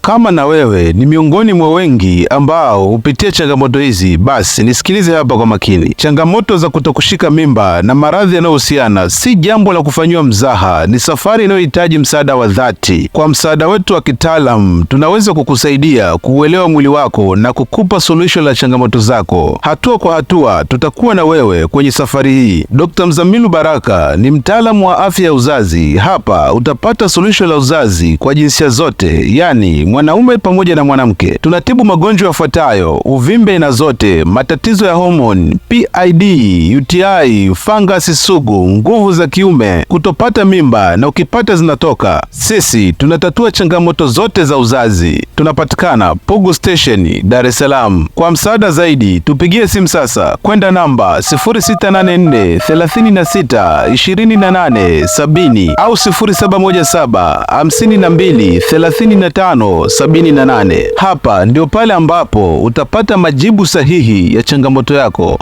Kama na wewe ni miongoni mwa wengi ambao hupitia changamoto hizi, basi nisikilize hapa kwa makini. Changamoto za kutokushika mimba na maradhi yanayohusiana si jambo la kufanyiwa mzaha, ni safari inayohitaji msaada wa dhati. Kwa msaada wetu wa kitaalam, tunaweza kukusaidia kuuelewa mwili wako na kukupa suluhisho la changamoto zako. Hatua kwa hatua, tutakuwa na wewe kwenye safari hii. Dr. Mzamilu Baraka ni mtaalamu wa afya ya uzazi. Hapa utapata suluhisho la uzazi kwa jinsia zote, yani ndani, mwanaume pamoja na mwanamke, tunatibu magonjwa yafuatayo: uvimbe na zote, matatizo ya homoni, PID, UTI, fangasi sugu, nguvu za kiume, kutopata mimba na ukipata zinatoka. Sisi tunatatua changamoto zote za uzazi tunapatikana Pugu Station, Dar es Salaam. Kwa msaada zaidi tupigie simu sasa kwenda namba 0684362870 au 0717523578. Hapa ndio pale ambapo utapata majibu sahihi ya changamoto yako.